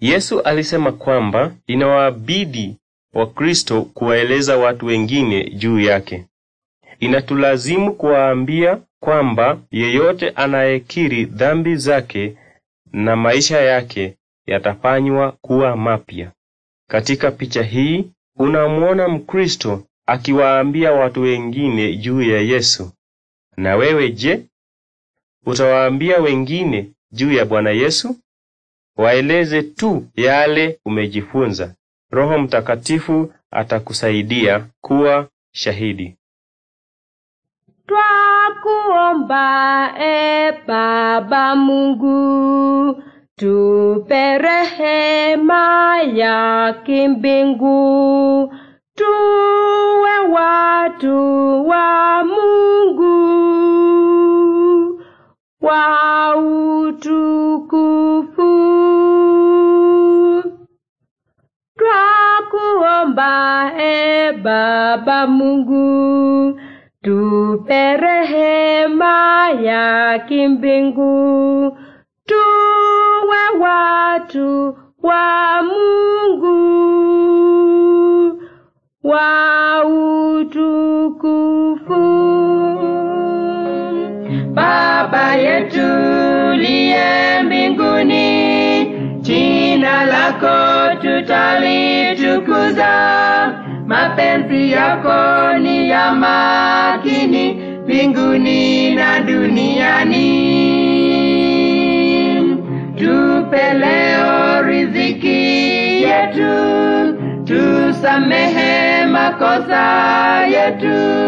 Yesu alisema kwamba inawabidi Wakristo kuwaeleza watu wengine juu yake. Inatulazimu kuwaambia kwamba yeyote anayekiri dhambi zake na maisha yake yatafanywa kuwa mapya. Katika picha hii unamwona Mkristo akiwaambia watu wengine juu ya Yesu. Na wewe je, utawaambia wengine juu ya Bwana Yesu? waeleze tu yale umejifunza. Roho Mtakatifu atakusaidia kuwa shahidi. Twakuomba e Baba Mungu, tupe rehema ya kimbingu, tuwe watu wa Mungu wau tunaomba e Baba Mungu, tupe rehema ya kimbingu, tuwe watu wa Mungu wa utukufu. Baba yetu liye mbinguni, jina lako tu mapenzi yako ni ya makini mbinguni na duniani tupe leo riziki yetu tusamehe makosa yetu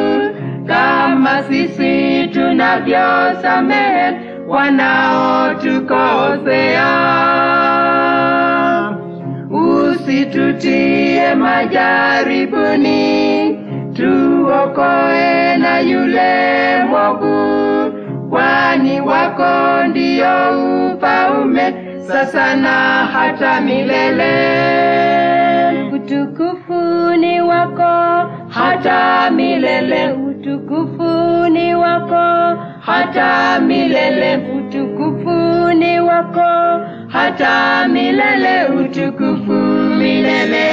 kama sisi tunavyosamehe wanaotukosea usitutii majaribuni, tuokoe na yule mwovu, kwani wako ndiyo ufaume sasa na hata milele. Utukufu ni wako hata milele, utukufu ni wako hata milele, utukufu ni wako hata milele, utukufu milele.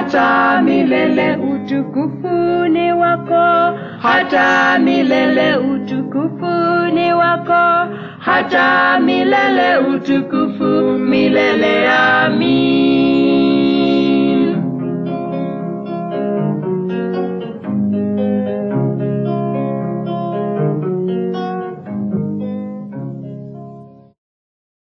hata milele. Utukufu ni wako hata milele, utukufu ni wako hata milele, utukufu milele. Amin.